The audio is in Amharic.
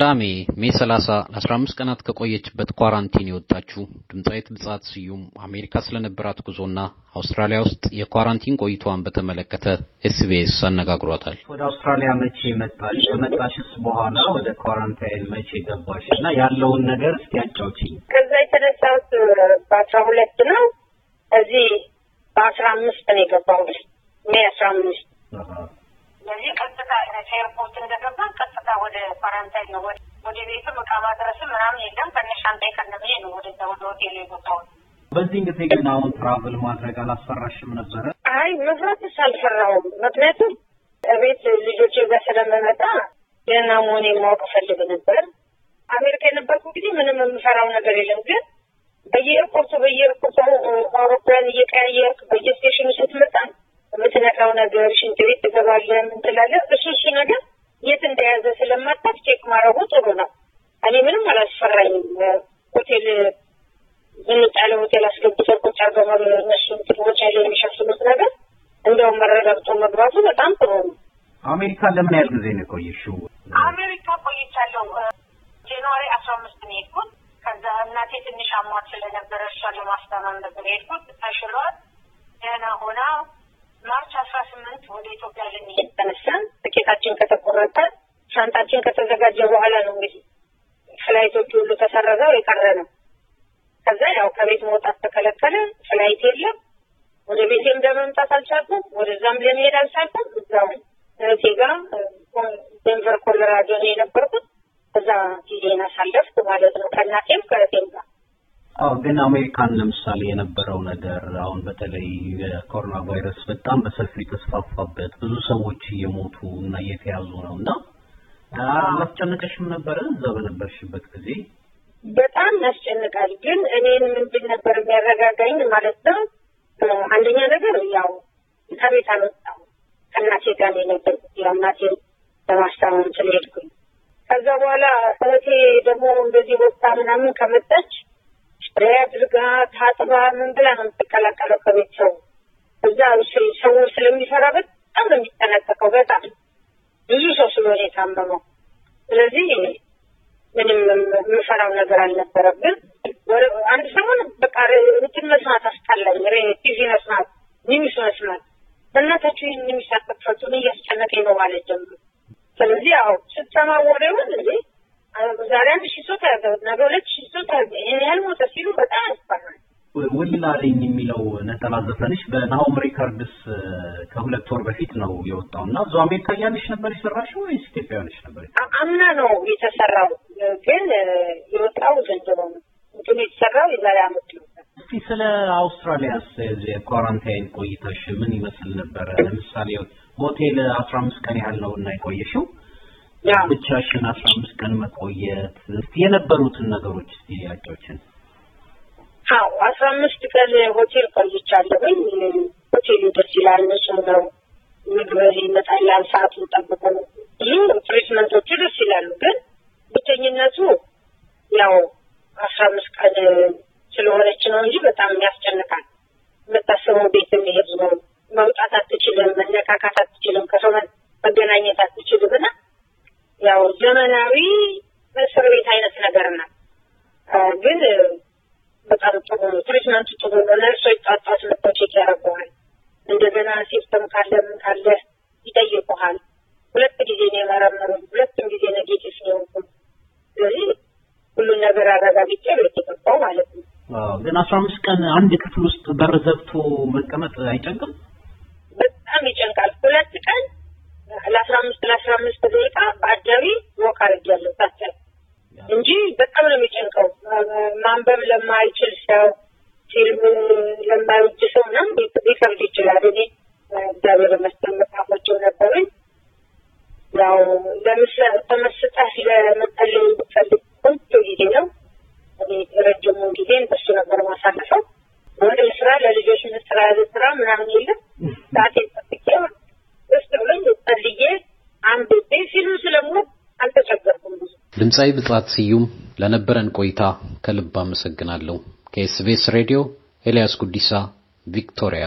ቅዳሜ ሜ 30 ለ15 ቀናት ከቆየችበት ኳራንቲን የወጣችው ድምፃዊት ብጻት ስዩም አሜሪካ ስለነበራት ጉዞና አውስትራሊያ ውስጥ የኳራንቲን ቆይቷን በተመለከተ ኤስቢኤስ አነጋግሯታል። ወደ አውስትራሊያ መቼ መጣሽ? ከመጣሽስ በኋላ ወደ ኳራንታይን መቼ ገባሽ? እና ያለውን ነገር እስቲ ያጫውቺኝ። ከዛ የተነሳሁት በአስራ ሁለት ነው። እዚህ በአስራ አምስት ነው የገባሁት ሜ አስራ አምስት በዚህ ቀጥታ ኤርፖርት እንደገባ ወደ ኳራንታይ ነው ወደ ቤትም እቃ ማድረስም ምናምን የለም። ከነ ሻንጣይ ከነ ነው ወደ ወደ ሆቴል የገባሁት። በዚህ ጊዜ ግን አሁን ትራቭል ማድረግ አላስፈራሽም ነበረ? አይ መፍራትስ አልፈራሁም። ምክንያቱም እቤት ልጆቼ ጋር ስለምመጣ ደህና መሆኔ ማወቅ ፈልግ ነበር። አሜሪካ የነበርኩ ጊዜ ምንም የምፈራው ነገር የለም። ግን በየኤርፖርቱ በየኤርፖርቱ አውሮፕላን እየቀያየርክ በየ ሆቴል የሚጣለ ሆቴል አስገብተን ቁጭ አገባብ እነሱ ትግቦች ያለ የሚሸፍኑት ነገር እንደውም መረጋግጦ መግባቱ በጣም ጥሩ ነው። አሜሪካ ለምን ያህል ጊዜ ነው የቆየሽው? አሜሪካ ቆይቻለሁ። ጃንዋሪ አስራ አምስት ነው የሄድኩት። ከዛ እናቴ ትንሽ አሟት ስለነበረ እሷን ለማስታመም ነበር የሄድኩት። ተሽሏል፣ ደህና ሆና ማርች አስራ ስምንት ወደ ኢትዮጵያ ልንሄድ ተነሳን። ትኬታችን ከተቆረጠ የተሰረዘው የቀረ ነው። ከዛ ያው ከቤት መውጣት ተከለከለ። ፍላይት የለም። ወደ ቤቴም ለመምጣት አልቻልኩም። ወደዛም ለመሄድ አልቻልኩም። እዛው እህቴ ጋ ደንቨር ኮሎራዶ ነው የነበርኩት። እዛ ጊዜን አሳለፍኩ ማለት ነው ከእናቴም ከእህቴም ጋር። አዎ ግን አሜሪካን ለምሳሌ የነበረው ነገር አሁን በተለይ የኮሮና ቫይረስ በጣም በሰፊው የተስፋፋበት ብዙ ሰዎች እየሞቱ እና እየተያዙ ነው እና አላስጨነቀሽም ነበረ እዛ በነበርሽበት ጊዜ? በጣም ያስጨንቃል። ግን እኔን ምንድን ነበር የሚያረጋጋኝ ማለት ነው። አንደኛ ነገር ያው ከቤት አልወጣሁ ከእናቴ ጋር ነበር። ያው እናቴን ለማስታመም ስለሄድኩኝ ከዛ በኋላ እህቴ ደግሞ እንደዚህ ቦታ ምናምን ከመጣች ሬ አድርጋ ታጥባ ምን ብላ ነው የምትቀላቀለው ከቤተሰቡ እዛ ሰው ስለሚሰራ በጣም ነው የሚጠነቀቀው። በጣም ብዙ ሰው ስለሆነ የታመመው ስለዚህ ምንም የምፈራው ነገር አልነበረብን። አንድ ሰሞን በቃ ሩቲን መስማት አስጣላኝ። ቲቪ መስማት፣ ኒውስ መስማት በእናታችሁ ይህን የሚሳቀት ፈጡን እያስጨነቀኝ ነው ማለት ጀምሩ። ስለዚህ አሁ ስትሰማ ወሬውን እዚህ ዛሬ አንድ ሺ ሰው ተያዘ፣ ነገ ሁለት ሺ ሰው ተያዘ፣ ይህን ያህል ሞተ ሲሉ በጣም ያስፈራል። ውላልኝ የሚለው ነጠላ ዘፈንሽ በናሆም ሪከርድስ ከሁለት ወር በፊት ነው የወጣው እና ብዙ አሜሪካ እያለሽ ነበር የሰራሽ ወይስ ኢትዮጵያ ሆነሽ ነበር? አምና ነው የተሰራው ግን የወጣው ዘንድሮ ነው። ግን የተሰራው የዛሬ አመት ነው። እስቲ ስለ አውስትራሊያስ የኳራንታይን ቆይታሽ ምን ይመስል ነበረ? ለምሳሌ ሆቴል አስራ አምስት ቀን ያህል ነው እና የቆየሽው ብቻሽን አስራ አምስት ቀን መቆየት እስቲ የነበሩትን ነገሮች እስቲ ያጫውችን። አዎ አስራ አምስት ቀን ሆቴል ቆይቻለሁኝ። ሆቴሉ ደስ ይላል፣ ንጹህ ነው፣ ምግብ ይመጣል፣ ሰዓት ነው እንጂ በጣም ያስጨንቃል። የምታስበው ቤት የሚሄድ ነው። መውጣት አትችልም፣ መነካካት አትችልም፣ ከሰው መገናኘት አትችልም። እና ያው ዘመናዊ እስር ቤት አይነት ነገር ናት። ግን በጣም ጥሩ ነው። ትሪትመንቱ ጥሩ ነው። ነርሶች ጣጣት ልቦች ያደርገዋል። እንደገና ሲስተም ካለ ምን ካለ ይጠይቁሃል። ሁለት ጊዜ ነው የመረመሩ ሁለቱም ጊዜ ግን አስራ አምስት ቀን አንድ ክፍል ውስጥ በር ዘግቶ መቀመጥ አይጨንቅም? በጣም ይጨንቃል። ሁለት ቀን ለአስራ አምስት ለአስራ አምስት ደቂቃ በአጃቢ ወቅ አድርጊያለሁ ታቸል እንጂ በጣም ነው የሚጨንቀው። ማንበብ ለማይችል ሰው፣ ፊልም ለማይወድ ሰው ምናምን ሊከብድ ይችላል እኔ ምናምን የለም። ሰዓቴን ጠብቄ ብሎኝ ጸልዬ አንብቤ ፊልም ስለምወድ አልተቸገርኩም ብዙ። ድምፃዊ ብጥራት ስዩም ለነበረን ቆይታ ከልብ አመሰግናለሁ። ከኤስቢኤስ ሬዲዮ ኤልያስ ጉዲሳ ቪክቶሪያ